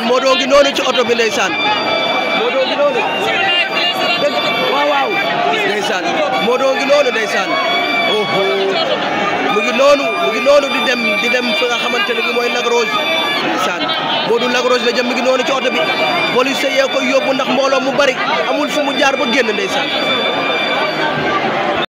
moo doo ngi noonu ci oto bi ndeysaan Modou ngi noonu waaw waaw ndeysaan Modou ngi noonu ndeysaan mu ngi noonu di dem di dem fi nga xamante ne mooy Lac Rose ndeysaan Modou Lac Rose la jëm mi ngi noonu ci oto bi police yee koy ndax mbooloo mu bari amul fu mu jaar ba génn ndeysaan